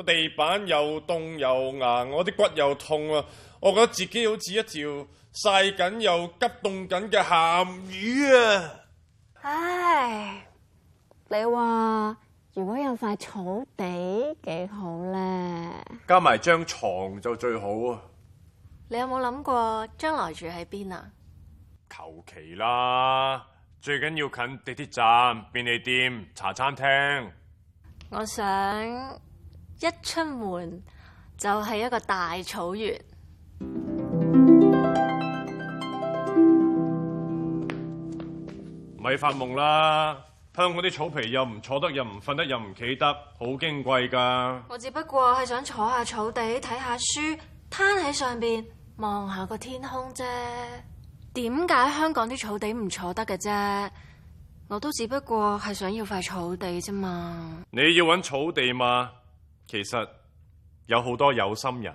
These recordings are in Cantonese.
個地板又凍又硬，我啲骨又痛啊！我覺得自己好似一條曬緊又急凍緊嘅鹹魚啊！唉，你話如果有塊草地幾好咧？加埋張床就最好啊！你有冇諗過將來住喺邊啊？求其啦，最緊要近地鐵站、便利店、茶餐廳。我想。一出門就係一個大草原，咪發夢啦！香港啲草皮又唔坐得，又唔瞓得，又唔企得，好矜貴噶。我只不過係想坐下草地睇下書，攤喺上邊望下個天空啫。點解香港啲草地唔坐得嘅啫？我都只不過係想要塊草地啫嘛。你要搵草地嘛？其實有好多有心人，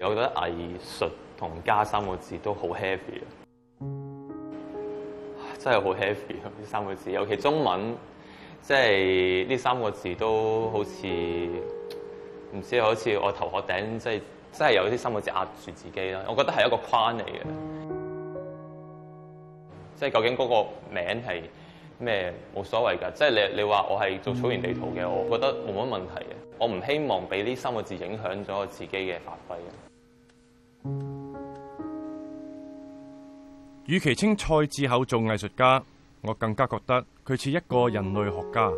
我覺得藝術同加三個字都好 heavy 啊！真係好 heavy 啊！呢三個字，尤其中文，即係呢三個字都好似。唔知好似我頭殼頂，即係真係有啲三個字壓住自己啦。我覺得係一個框嚟嘅，即係究竟嗰個名係咩？冇所謂㗎。即係你你話我係做草原地圖嘅，我覺得冇乜問題嘅。我唔希望俾呢三個字影響咗我自己嘅發揮。與其稱蔡志厚做藝術家，我更加覺得佢似一個人類學家、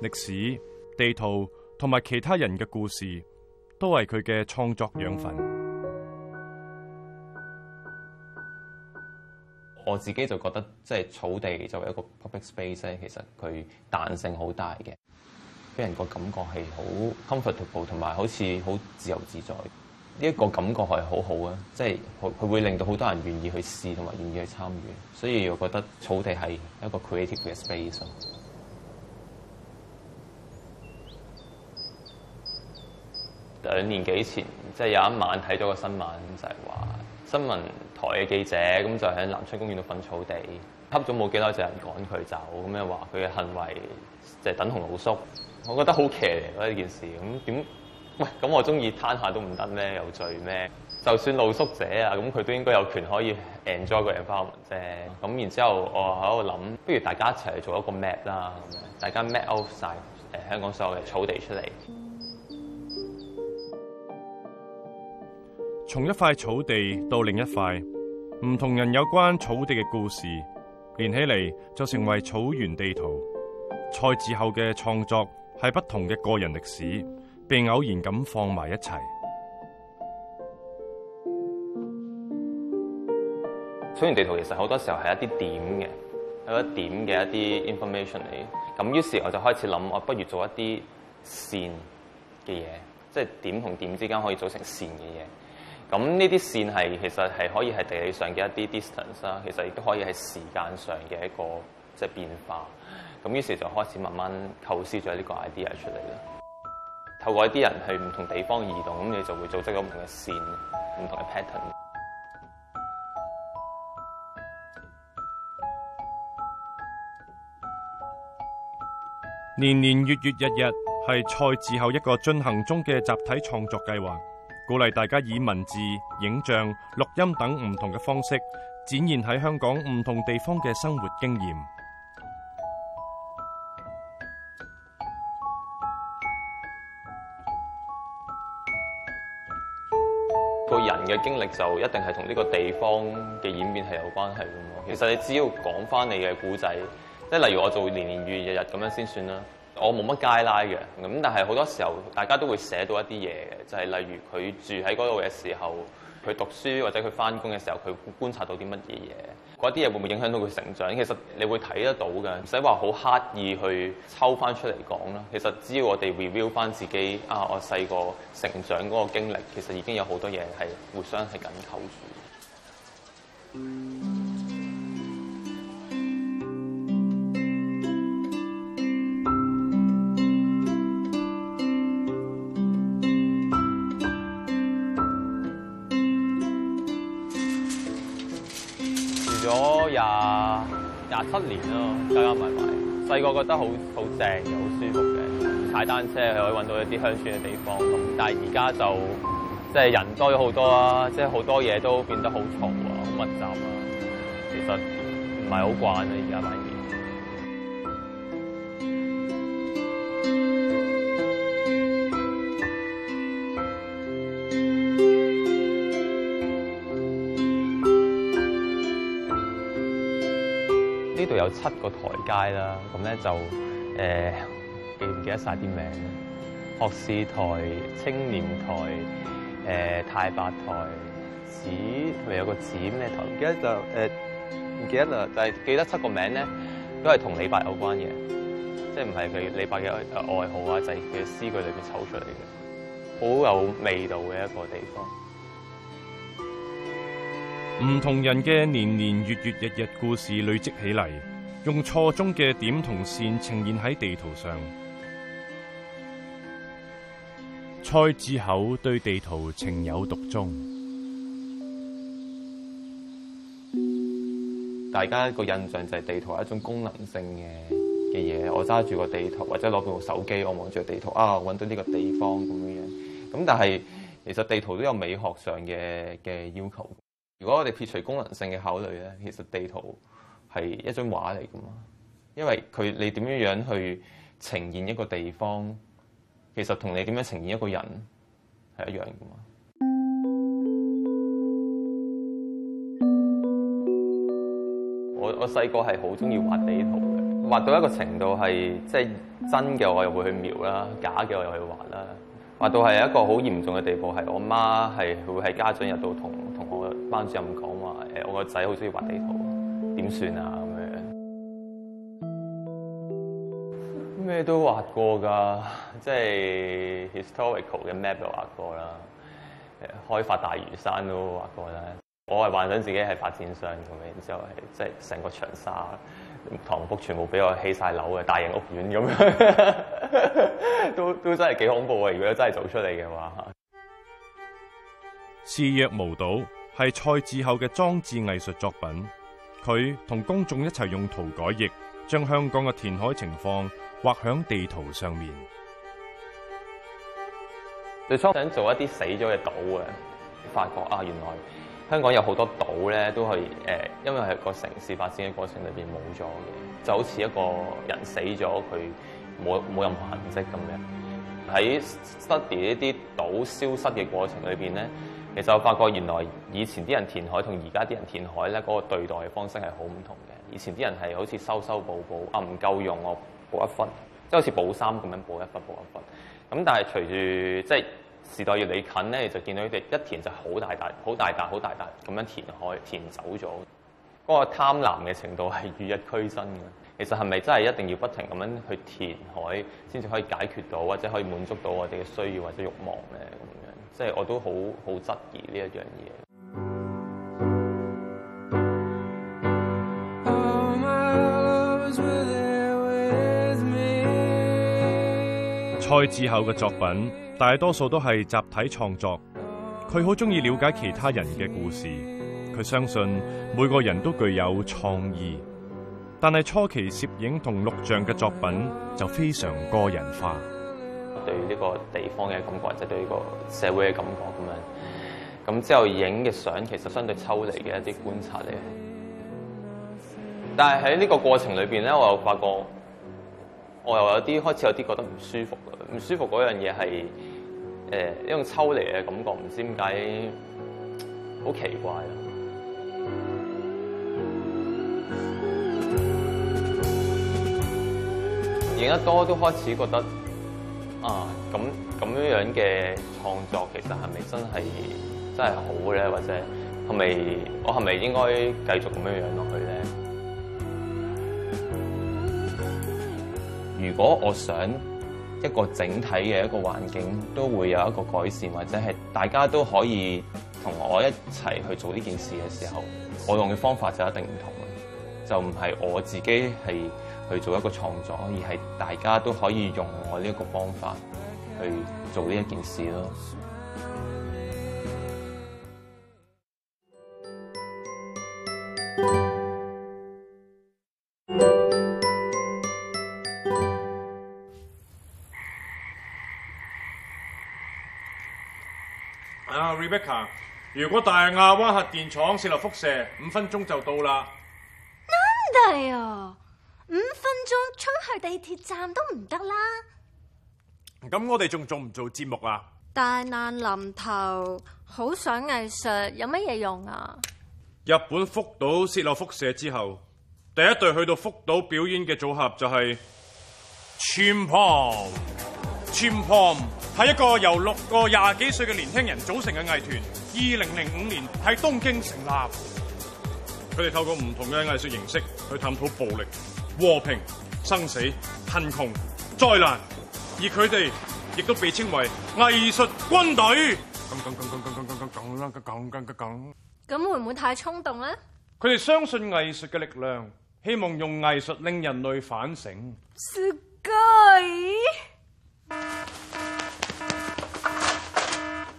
歷史地圖。同埋其他人嘅故事，都係佢嘅創作養分。我自己就覺得，即係草地作為一個 public space 咧，其實佢彈性好大嘅，俾人個感覺係好 comfortable，同埋好似好自由自在。呢一個感覺係好好啊，即係佢佢會令到好多人願意去試，同埋願意去參與。所以我覺得草地係一個 creative 嘅 space。兩年幾前，即係有一晚睇咗個新聞，就係話新聞台嘅記者咁就喺南昌公園度瞓草地，吸咗冇幾耐就有人趕佢走，咁樣話佢嘅行為就係等同露宿。我覺得好騎呢件事，咁點？喂，咁我中意攤下都唔得咩？有罪咩？就算露宿者啊，咁佢都應該有權可以 enjoy 個地方啫。咁然之後，我喺度諗，不如大家一齊做一個 map 啦，大家 map out 晒、呃、香港所有嘅草地出嚟。從一塊草地到另一塊，唔同人有關草地嘅故事連起嚟，就成為草原地圖。蔡志厚嘅創作係不同嘅個人歷史，被偶然咁放埋一齊。草原地圖其實好多時候係一啲點嘅，有一點嘅一啲 information 嚟。咁於是我就開始諗，我不如做一啲線嘅嘢，即係點同點之間可以組成線嘅嘢。咁呢啲線係其實係可以係地理上嘅一啲 distance 啦，其實亦都可以係時間上嘅一個即係、就是、變化。咁於是就開始慢慢構思咗呢個 idea 出嚟啦。透過一啲人去唔同地方移動，咁你就會組織咗唔同嘅線、唔同嘅 pattern。年年月月日日係蔡志厚一個進行中嘅集體創作計劃。鼓勵大家以文字、影像、錄音等唔同嘅方式，展現喺香港唔同地方嘅生活經驗。個人嘅經歷就一定係同呢個地方嘅演變係有關係嘅嘛。其實你只要講翻你嘅故仔，即係例如我做年年月月日日咁樣先算啦。我冇乜街拉嘅咁，但係好多時候，大家都會寫到一啲嘢，就係例如佢住喺嗰度嘅時候，佢讀書或者佢翻工嘅時候，佢觀察到啲乜嘢嘢，嗰啲嘢會唔會影響到佢成長？其實你會睇得到嘅，唔使話好刻意去抽翻出嚟講啦。其實只要我哋 review 翻自己啊，我細個成長嗰個經歷，其實已經有好多嘢係互相係緊扣住。嗯廿廿七年咯，加加埋埋，細個覺得好好正又好舒服嘅，踩單車又可以搵到一啲鄉村嘅地方。嗯、但係而家就即係、就係、人多咗好多啊，即係好多嘢都變得好嘈啊，好密集啊，其實唔係好慣啊而家。呢度有七個台階啦，咁咧就誒、呃、記唔記得晒啲名咧？學士台、青年台、誒、呃、太白台、子同埋有個子咩台？唔記得就誒唔記得啦，就係記得七個名咧，都係同李白有關嘅，即係唔係佢李白嘅愛好啊，就係佢嘅詩句裏邊抽出嚟嘅，好有味道嘅一個地方。唔同人嘅年年月月日日故事累積起嚟，用錯綜嘅點同線呈現喺地圖上。蔡志厚對地圖情有獨鍾，大家個印象就係地圖係一種功能性嘅嘅嘢。我揸住個地圖或者攞部手機我、啊，我望住個地圖啊，搵到呢個地方咁樣樣。咁但係其實地圖都有美學上嘅嘅要求。如果我哋撇除功能性嘅考慮咧，其實地圖係一張畫嚟噶嘛。因為佢你點樣樣去呈現一個地方，其實同你點樣呈現一個人係一樣噶嘛。我我細個係好中意畫地圖嘅，畫到一個程度係即係真嘅，我又會去描啦；假嘅我又會去畫啦。畫到係一個好嚴重嘅地步是媽媽是，係我媽係會喺家長日度同班主任講話誒，我個仔好中意畫地圖，點算啊咁樣？咩都畫過噶，即係 historical 嘅 map 都畫過啦。開發大嶼山都畫過啦。我係幻想自己係發展商咁樣，然之後係即係成個長沙塘福全部俾我起晒樓嘅大型屋苑咁樣 都，都都真係幾恐怖啊！如果真係做出嚟嘅話，視若無睹。係蔡志厚嘅裝置藝術作品，佢同公眾一齊用塗改液，將香港嘅填海情況畫喺地圖上面。最初想做一啲死咗嘅島嘅，發覺啊，原來香港有好多島咧，都係誒，因為係個城市發展嘅過程裏邊冇咗嘅，就好似一個人死咗，佢冇冇任何痕跡咁樣。喺 study 呢啲島消失嘅過程裏邊咧。其實我發覺原來以前啲人填海同而家啲人填海咧，嗰個對待嘅方式係好唔同嘅。以前啲人係好似修修補補啊，唔夠用我補一分，即係好似補衫咁樣補一分補一分。咁但係隨住即係時代越嚟近咧，就見到佢哋一填就好大笪好大笪好大笪咁樣填海填走咗。嗰個貪婪嘅程度係與日俱增嘅。其實係咪真係一定要不停咁樣去填海，先至可以解決到或者可以滿足到我哋嘅需要或者慾望咧？咁樣？即係我都好好質疑呢一樣嘢。蔡志厚嘅作品大多數都係集體創作，佢好中意了解其他人嘅故事，佢相信每個人都具有創意，但係初期攝影同錄像嘅作品就非常個人化。對呢個地方嘅感覺，或者對呢個社會嘅感覺咁樣，咁之後影嘅相其實相對抽離嘅一啲觀察嚟。但係喺呢個過程裏邊咧，我又發覺我又有啲開始有啲覺得唔舒服，唔舒服嗰樣嘢係誒一種抽離嘅感覺，唔知點解好奇怪啊！影 得多都開始覺得。啊，咁咁樣嘅創作其實係咪真係真係好咧？或者係咪我係咪應該繼續咁樣落去咧？如果我想一個整體嘅一個環境都會有一個改善，或者係大家都可以同我一齊去做呢件事嘅時候，我用嘅方法就一定唔同，就唔係我自己係。去做一個創作，而係大家都可以用我呢一個方法去做呢一件事咯。啊，Rebecca，如果大亞灣核電廠泄漏輻射，五分鐘就到啦。難得呀！五分鐘衝去地鐵站都唔得啦！咁我哋仲做唔做節目啊？大難臨頭，好想藝術有乜嘢用啊？日本福島泄漏輻射之後，第一隊去到福島表演嘅組合就係 Chimpom。Chimpom 係一個由六個廿幾歲嘅年輕人組成嘅藝團，二零零五年喺東京成立。佢哋透過唔同嘅藝術形式去探討暴力。和平、生死、貧窮、災難，而佢哋亦都被稱為藝術軍隊。咁會唔會太衝動呢？佢哋相信藝術嘅力量，希望用藝術令人類反省。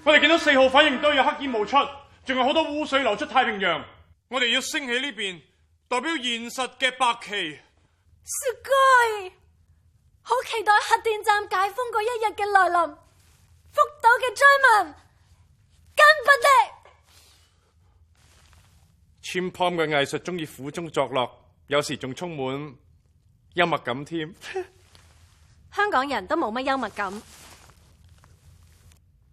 我哋見到四號反應都有黑煙冒出，仲有好多污水流出太平洋。我哋要升起呢邊，代表現實嘅白旗。是該，好期待核電站解封嗰一日嘅來臨。福島嘅災民，甘不敵。Chimpong 嘅藝術中意苦中作樂，有時仲充滿幽默感添。香港人都冇乜幽默感。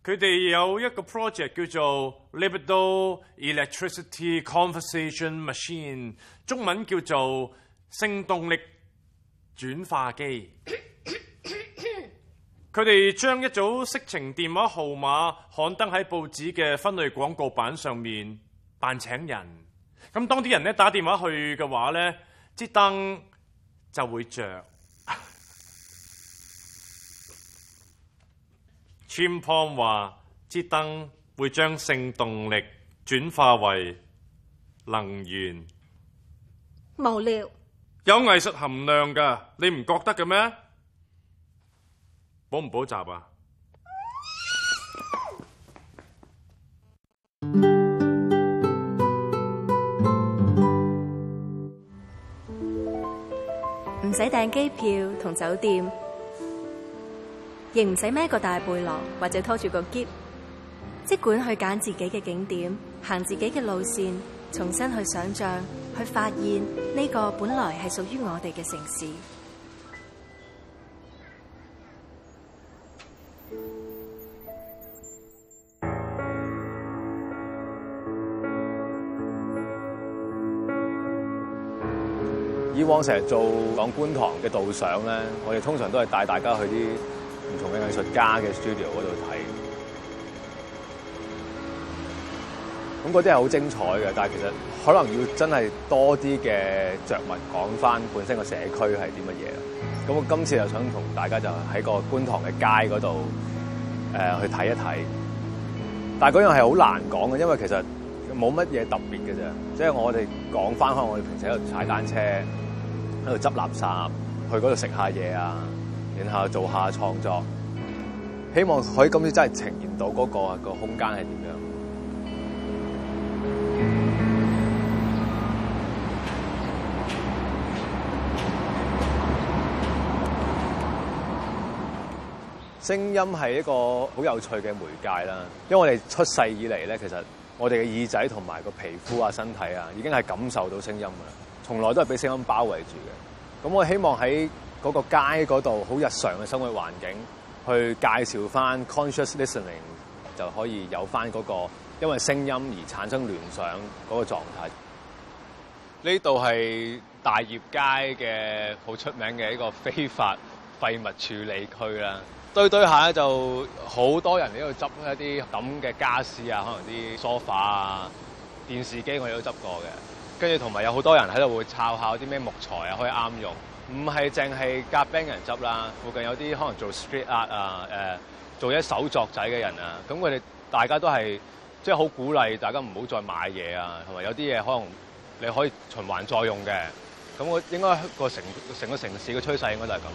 佢哋有一個 project 叫做 Libido Electricity Conversation Machine，中文叫做性動力。轉化機，佢哋將一組色情電話號碼刊登喺報紙嘅分類廣告版上面，扮請人。咁當啲人呢打電話去嘅話呢，支燈就會着。Chim Pom 話，支燈會將性動力轉化為能源。無聊。有藝術含量噶，你唔覺得嘅咩？補唔補習啊？唔使訂機票同酒店，亦唔使孭個大背囊或者拖住個篋，即管去揀自己嘅景點，行自己嘅路線。重新去想象，去發現呢個本來係屬於我哋嘅城市。以往成日做講觀塘嘅導賞咧，我哋通常都係帶大家去啲唔同嘅藝術家嘅 studio 度睇。咁嗰啲係好精彩嘅，但係其實可能要真係多啲嘅着文講翻本身個社區係啲乜嘢。咁我今次就想同大家就喺個觀塘嘅街嗰度誒去睇一睇，但嗰樣係好難講嘅，因為其實冇乜嘢特別嘅啫。即係我哋講翻，可能我哋平時喺度踩單車，喺度執垃圾，去嗰度食下嘢啊，然後做下創作，希望可以咁樣真係呈現到嗰、嗰個、嗰個空間係點樣。聲音係一個好有趣嘅媒介啦，因為我哋出世以嚟咧，其實我哋嘅耳仔同埋個皮膚啊、身體啊，已經係感受到聲音嘅，從來都係畀聲音包圍住嘅。咁我希望喺嗰個街嗰度，好日常嘅生活環境，去介紹翻 conscious listening，就可以有翻、那、嗰個。因為聲音而產生聯想嗰個狀態。呢度係大業街嘅好出名嘅一個非法廢物處理區啦。堆堆下咧就好多人喺度執一啲咁嘅傢俬啊，可能啲梳化啊、電視機，我哋都執過嘅。跟住同埋有好多人喺度會抄下啲咩木材啊，可以啱用。唔係淨係夾 band 人執啦，附近有啲可能做 street art 啊、呃、誒做一啲手作仔嘅人啊，咁佢哋大家都係。即係好鼓勵大家唔好再買嘢啊，同埋有啲嘢可能你可以循環再用嘅。咁我應該個城成個城市嘅趨勢應該就係咁。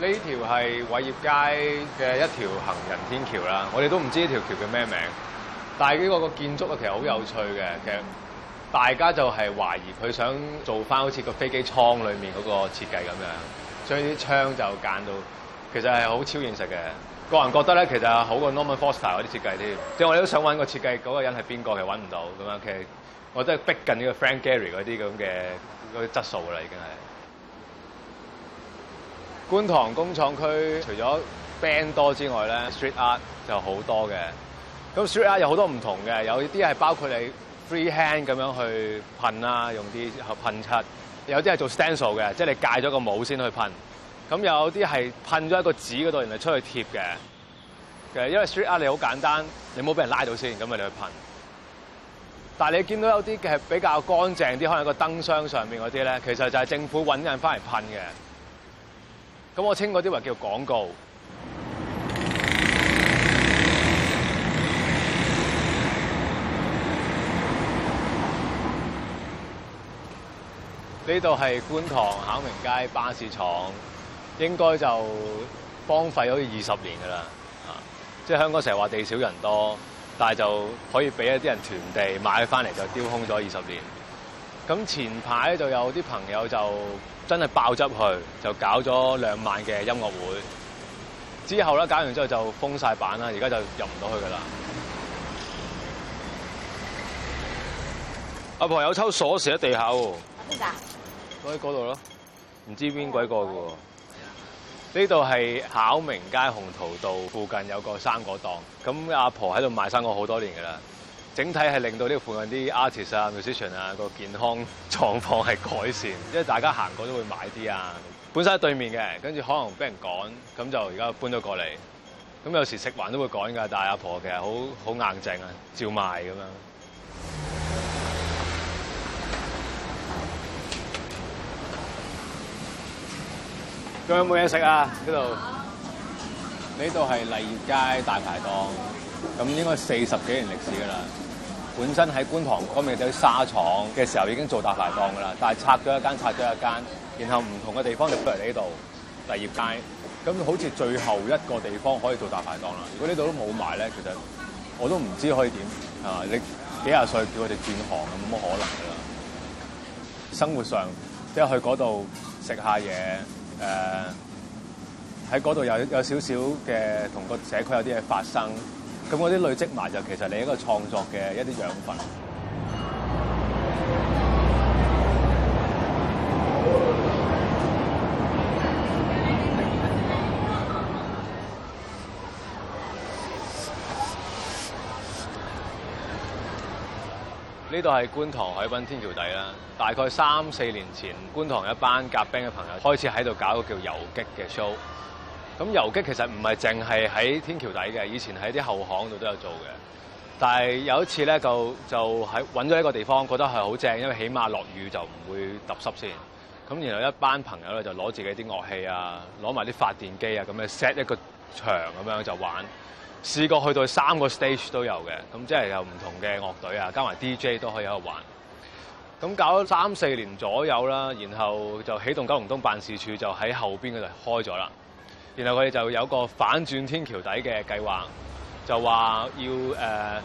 呢 條係偉業街嘅一條行人天橋啦，我哋都唔知呢條橋叫咩名，但係呢個個建築啊其實好有趣嘅，其實大家就係懷疑佢想做翻好似個飛機艙裏面嗰個設計咁樣，將啲窗就揀到，其實係好超現實嘅。個人覺得咧，其實好過 Norman Foster 嗰啲設計添。即係我哋都想揾個設計，嗰個人係邊個？其實揾唔到咁樣。O.K. 我真係逼近呢個 Frank Gehry 嗰啲咁嘅嗰啲質素啦，已經係。觀塘工廠區除咗 band 多之外咧，street art 就好多嘅。咁 street art 有好多唔同嘅，有啲係包括你。freehand 咁樣去噴啦，用啲噴漆，有啲係做 stencil 嘅，即係你戒咗個帽先去噴。咁有啲係噴咗一個紙嗰度，然後出去貼嘅。其實因為 street art 你好簡單，你冇俾人拉到先，咁你去噴。但係你見到有啲嘅係比較乾淨啲，可能個燈箱上面嗰啲咧，其實就係政府搵人翻嚟噴嘅。咁我清嗰啲話叫廣告。呢度係觀塘巧明街巴士廠，應該就荒廢咗二十年噶啦，啊！即係香港成日話地少人多，但係就可以俾一啲人囤地買翻嚟就丟空咗二十年。咁前排就有啲朋友就真係爆汁去，就搞咗兩晚嘅音樂會。之後咧，搞完之後就封晒板啦，而家就入唔到去噶啦。 阿婆有抽鎖匙喺地下喎。我喺嗰度咯，唔知邊鬼過嘅喎。呢度係巧明街鴻圖道附近有個生果檔，咁阿婆喺度賣生果好多年嘅啦。整體係令到呢附近啲 artist 啊、musician 啊個健康狀況係改善，因為大家行過都會買啲啊。本身喺對面嘅，跟住可能俾人趕，咁就而家搬咗過嚟。咁有時食環都會趕㗎，但係阿婆，婆其實好好硬淨啊，照賣咁樣。仲有冇嘢食啊？呢度呢度係勵業街大排檔，咁應該四十幾年歷史噶啦。本身喺觀塘嗰邊做沙廠嘅時候已經做大排檔噶啦，但係拆咗一間，拆咗一間，然後唔同嘅地方就搬嚟呢度勵業街。咁好似最後一個地方可以做大排檔啦。如果呢度都冇埋咧，其實我都唔知可以點啊！你幾廿歲叫佢哋轉行，咁冇乜可能噶啦。生活上即係去嗰度食下嘢。誒喺嗰度有有少少嘅同個社區有啲嘢發生，咁嗰啲累積埋就其實你一個創作嘅一啲養分。呢度係觀塘海濱天橋底啦，大概三四年前，觀塘一夾班夾 b 嘅朋友開始喺度搞一個叫遊擊嘅 show。咁遊擊其實唔係淨係喺天橋底嘅，以前喺啲後巷度都有做嘅。但係有一次咧，就就喺揾咗一個地方，覺得係好正，因為起碼落雨就唔會揼濕先。咁然後一班朋友咧就攞自己啲樂器啊，攞埋啲發電機啊，咁樣 set 一個場咁樣就玩。試過去到三個 stage 都有嘅，咁即係有唔同嘅樂隊啊，加埋 DJ 都可以喺度玩。咁搞咗三四年左右啦，然後就起動九龍東辦事處，就喺後邊嗰度開咗啦。然後佢哋就有個反轉天橋底嘅計劃，就話要誒、呃，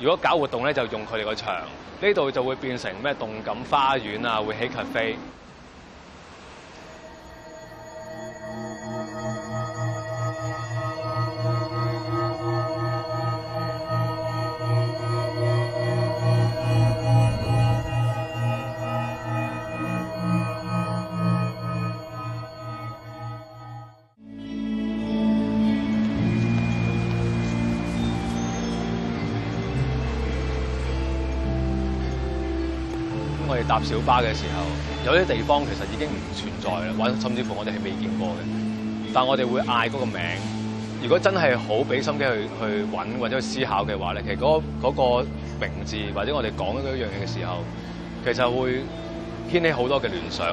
如果搞活動咧，就用佢哋個場，呢度就會變成咩動感花園啊，會起 cafe。搭小巴嘅時候，有啲地方其實已經唔存在啦，或者甚至乎我哋係未見過嘅。但我哋會嗌嗰個名，如果真係好俾心機去去搵或者去思考嘅話咧，其實嗰嗰個名字或者我哋講呢一樣嘢嘅時候，其實會掀起好多嘅聯想。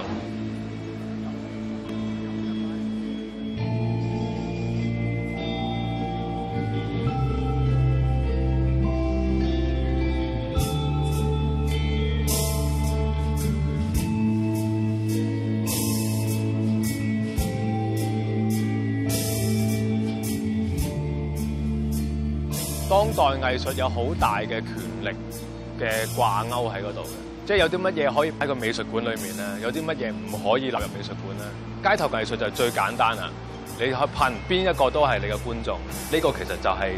當代藝術有好大嘅權力嘅掛鉤喺嗰度嘅，即係有啲乜嘢可以喺個美術館裏面咧？有啲乜嘢唔可以納入美術館咧？街頭藝術就最簡單啦，你去噴邊一個都係你嘅觀眾，呢個其實就係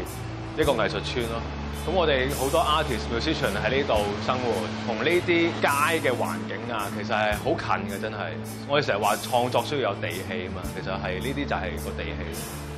一個藝術村咯。咁我哋好多 artist musician 喺呢度生活，同呢啲街嘅環境啊，其實係好近嘅，真係。我哋成日話創作需要有地氣啊嘛，其實係呢啲就係個地氣。